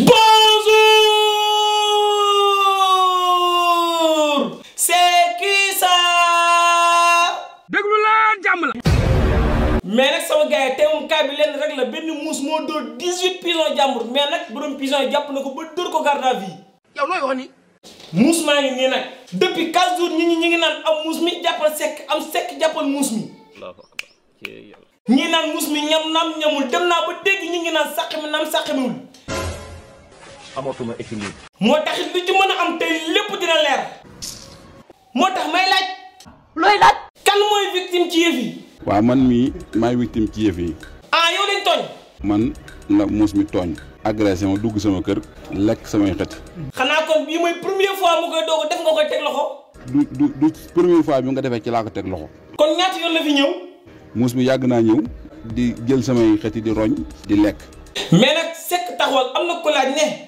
Bonjour c'est qui ça déglu leen jàmm la mais nag sama gars yi tey leen rek la benn muus moo dóor 18 pigeon jàmbur mais nag borom pigeon yi jàpp na ko ba dóor ko garde à vue yow looy wax ni muus maa ngi nii nag depuis 15 jours ñi ñi ñi ngi naan am muus mi jàppal sekk am sekk jàppal muus mi ñi naan muus mi ñam naam ñamul dem naa ba dégg ñu ngi naan sàq mi naam sàq miwul amatuma équilibre. moo taxit lu ci mëna am tey lépp dina lèr motax may laaj. loy laaj. kan moy victime ci yef yi. wa man mi may victime ci yef yi. ah yow lañ togn man la muus mi togn agression ma dugg sama kër. lekk sama xet. xana kon bi moy première fois mu koy dogo def nga koy tek loxo. du du du première fois bi nga defee ci laa ko teg loxo. kon ñaata yoon la fi ñew muus mi yag na ñew di jël sama xet di roñ. di lekk. mais nak sekk taxawal am na ko laaj ne.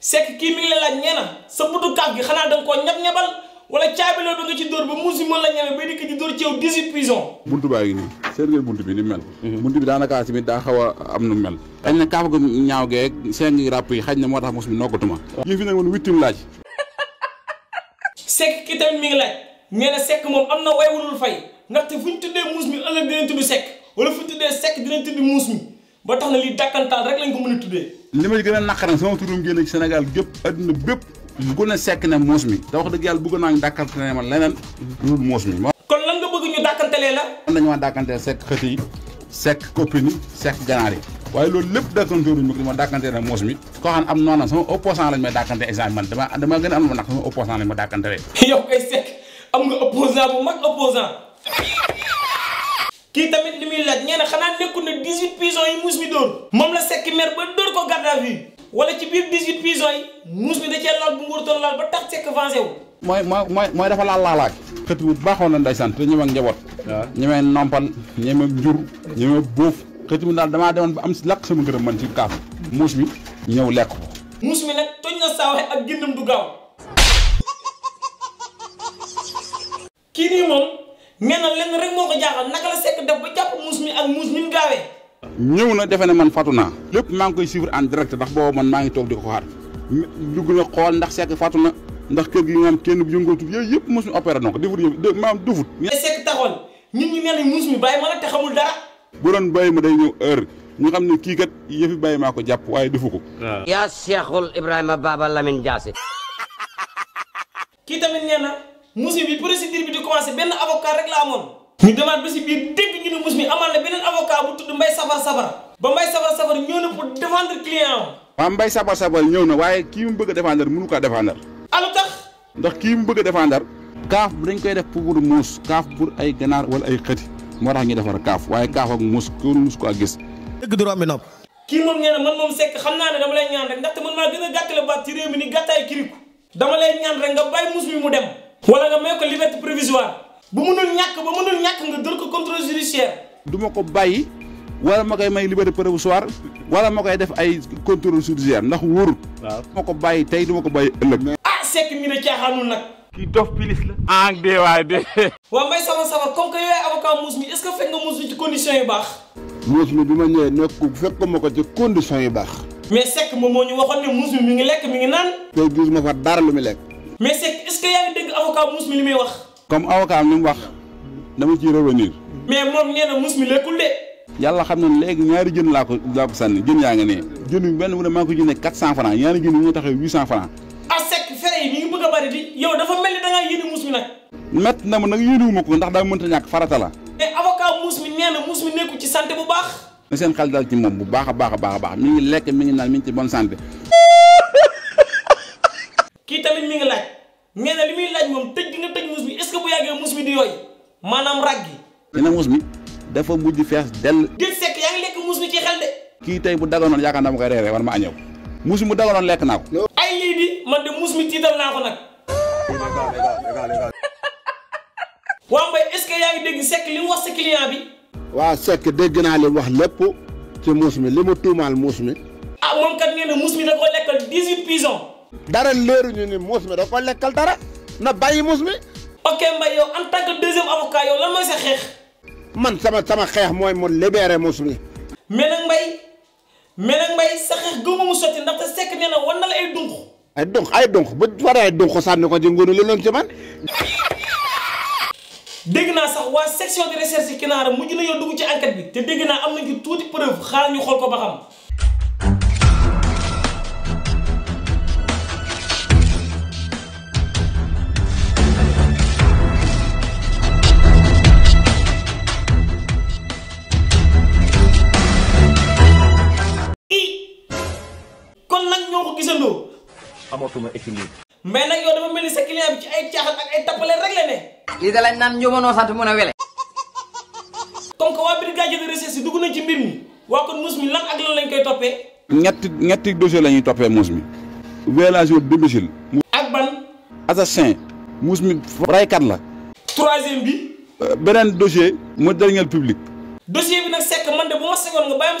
sekk kii mi ngi la laaj nee na sa butu kaaf gi xanaa da nga koo ñab-ñabal wala caabiloo bi ba musuma la bi ni mel mhm. buntu bi daanakaa tamit daa xaw a am nu mel xañ na moo tax mos mi nokkatuma oh. yëf yi nag man sekk moom am na waywulul fay ndaxte fu ñu tuddee muus mi ëllëg dinañ tudd sekk wala fu ñu tuddee sekk dinañ tudd muus mi ba tax na lii dàkkantaal rek lañ ko mën a tuddee li may gën a naqaram sama turum génn ci Sénégal gépp adduna bépp ku ne sekk ne moos mi te wax dëgg yàlla bëgg naa ñu dàkkante ne ma leneen lu moos mi kon lan nga bëgg ñu dàkkantelee la man dañu ma loolu lépp dàkkantooruñ ma ko ma dàkkantee ne moos mi koo xam ne am noonam sama opposant lañ may dàkkante exemple man dama dama gën a am na ma sama opposant lañ ma dàkkantelee yow ay sekk am nga opposant bu mag opposant kii tamit li muy laaj ñee xanaa nekkul ne 18 pigeons yi muus mi dóor moom la sekki mer ba dóor ko garde à vue ci biir 18 pigeons yi muus mi da cee laal bu mu laal ba tax sekk vengé mooy mooy mooy dafa laal laalaak xët wu baaxoon na ndeysaan te ñeme ak njaboot waaw ñeme nompal ñeme njur ñeme bóof xët wu daal damaa demoon ba am si lakk sama gërëm man ci kaaf muus mi ñëw lekk ko muus mi nag toj na saawaay ak gindam du gaaw kii nii mais nag lenn rek moo ko jaaxal naka la sekk def ba jàpp muus mi ak muus ni mu ñëw na defe na man fatu naa. lépp maa ngi koy suivre en direct ndax booba man maa ngi toog di ko xaar. dugg na xool ndax sekk fatu na ndax kër gi maam kenn bu yëngatu yëpp muus mi opéré na ko defut yëpp maam defut. mais sekk taxoon nit ñi muus mi bàyyi ma la te xamul dara. bu doon bàyyi ma day ñëw heure. ñu xam ne kii kat yëfi bàyyi maa ko jàpp waaye defu ko. yaa Cheikhul Ibrahima Baba Lamine musmi bi procédure bi di commencé ben avocat rek la amone ñu demat ba si biir dégg ñu ne musmi amal na benen avocat bu tuddu mbay sabar sabar ba mbay sabar sabar ñëw na pour défendre client wa mbay sabar sabar ñëw na waye ki mu bëgg défendre mënu ko défendre alu ah, tax ndax ki mu bëgg défendre kaaf dañ koy def pour mus kaaf pour ay ganar wala ay xëti mo tax ñu défar kaaf waye kaaf ak mus ko mus ko gis deug du rombi nop ki mom nee man mom sék xamna naa dama lay ñaan rek ndax man maa gëna a baat ci réew mi ni gàttaay kiriku dama lay ñaan rek nga bay mus mi mu dem wala nga may ko liberté provisoire bu mënul ñàkk ba mënul ñak nga dër ko contrôle judiciaire duma ko bayyi wala ma koy may liberté provisoire wala ma koy def ay contrôle judiciaire ndax wuur ma ko bayyi tay duma ko bayyi ëlëk ah c'est mi ne caaxaanul nak ki dof pilis la ah de way de wa may sama sama comme que yoy avocat mous mi est ce que fek nga mous ci condition yu bax mous mi bima ñëw nekk fek ko mako ci condition yu bax mais sek mo mo ñu waxone mous mi mi ngi lek mi ngi nan tay gis ma fa dara lu mi lek mais Seck est yaa ngi dégg avocat muus mi li muy wax. comme avocat am mu wax dama ci revenir. mais moom nee muus mi lekkul de. yàlla xam na léegi ñaari jën laa ko laa ko sànni jën yaa ngi ne jën yu benn bu ne maa ko jëndee quatre cent franc ñaari jën yi ñu taxee huit cent franc. ah fere yi mi ngi bëgg a bari di yow dafa mel ni da ngaa muus mi nag. mett na ma nag yéenewuma ko ndax daa mënta ñàkk farata la. mais avocat muus mi nee na muus mi nekkul ci santé bu baax. na seen a baax a baax baax mi ngi lekk mi ngi naan mi ngi ci bonne santé kii tamit mi ngi laaj nee na li muy laaj moom tëj gi tëj muus bi est-ce que bu yàggee muus bi di yooyu maanaam rag gi. dina muus bi dafa mujj fees dell. déet sekk yaa ngi lekk muus bi ci xel de. kii tey bu daganoon yaakaar naa ma koy reeree war ma añëw muus bi mu daganoon lekk naa ko. ay lii di man de muus mi tiital naa ko nag. waa Mbaye est yaa ngi dégg sekk li mu wax sa client bi. waa sekk dégg naa li wax lépp ci muus mi li mu tuumaal muus mi. ah moom dara leeruñu ni muus mi da ko lekkal dara na bàyyi muus mi. ok Mbaye yow en tant que deuxième avocat yow lan mooy sa xeex. man sama sama xeex mooy mu libéré muus mi. mais nag Mbaye mais sa xeex gëmu mu sotti ndaxte sekk nee war na la ay dunq. ay dunq ay dunq bu waree ay dunq sànni ko ci nguuru li loon ci man. dégg naa sax waa section de recherche Kinaara mujj nañoo dugg ci enquête bi te dégg naa am nañ ci tuuti preuve xaar ñu xool ñoo ko gisandoo amatuma équilibre mais nag yow dafa mel ni sa client bi ci ay caaxaan ak ay tappale rek la ne lii da lañ naan njumanoo sant mun a comme que brigade de recherche dugg nañ ci mbir mi waa kon muus mi lan ak lan lañ koy toppee ñetti ñetti dossier la ñuy toppee muus mi violation domicile ak ban assassin muus mi raykat la troisième bi euh, beneen dossier mu dernier public dossier bi nag sekk man de bu ma nga bàyyi mu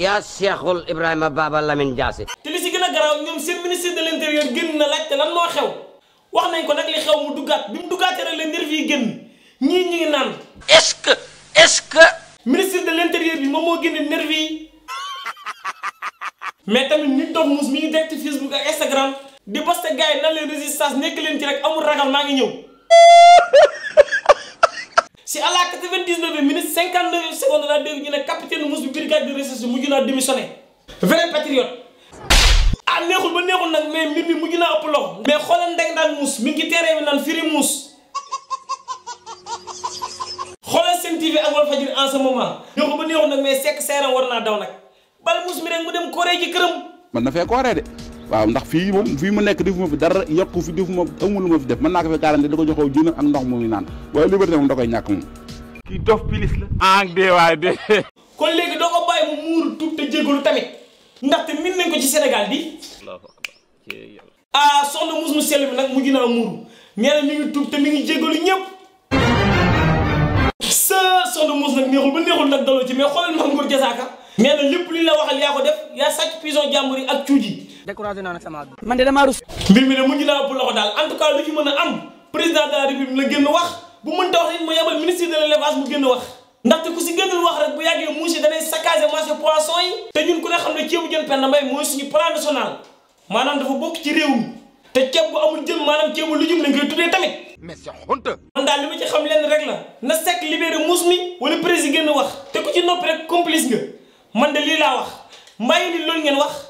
yaa seexul Ibrahima Baba Lamine Diassé. te li si gën a garaaw ñoom seen ministre de génn na laajte lan moo xew wax nañ ko nag li xew mu duggaat bi mu duggaatee rek la nervi yi génn ñii ñi ngi naan. est ce que est ce ministre de l' intérieur bi moom moo génne nervi yi mais tamit ñu toog muus mi ngi direct Facebook ak Instagram di posté gars yi nan leen résistance nekk leen ci rek amul ragal maa ngi ñëw. si à la 99 minutes 59 secondes capitaine Mouss la brigade de recherche a démissionné vrai patriote ah neexul ba neexul mais mbir bi mujj ëpp mais xoolal ndeg ndaan Mouss mi ngi firi je TV ak en ce moment ba mais je suis war daw Mouss mi rek waaw ndax fii moom fii mu nekk defuma fi dara yokku fi defuma amul ma fi def mën naa ko fi garanti da ko joxoo jën ak naan waaye liberté ah, waay kon léegi doo ko bàyyi mu muuru tuub te jégalu tamit ndaxte min nañ ko ci Sénégal bi ah soxna mus mu sell bi nag mu ginnaaw muuru nee nag daloo ci mais xoolal Mame Goor Diazaka nee na lépp li la waxal yaa ko def yaa sàcc prison jàmbur yi ak cuuj yi découragé naa nag sama àdduna. man de damaa rus. mbir mi de mujj naa ëpp loxo daal en tout cas lu ci mën a am président de la république la génn wax bu mënta wax it mu yebal ministre de l'élevage mu génn wax. ndaxte ku si génnul wax bokk ci réew mi te amul jën maanaam ceebu lujum lañ koy tuddee tamit. mais c'est man daal li rek la na Seck libéré muus mi wala président génn wax te ci noppi rek complice nga man de lii laa wax mbàyyi loolu ngeen wax.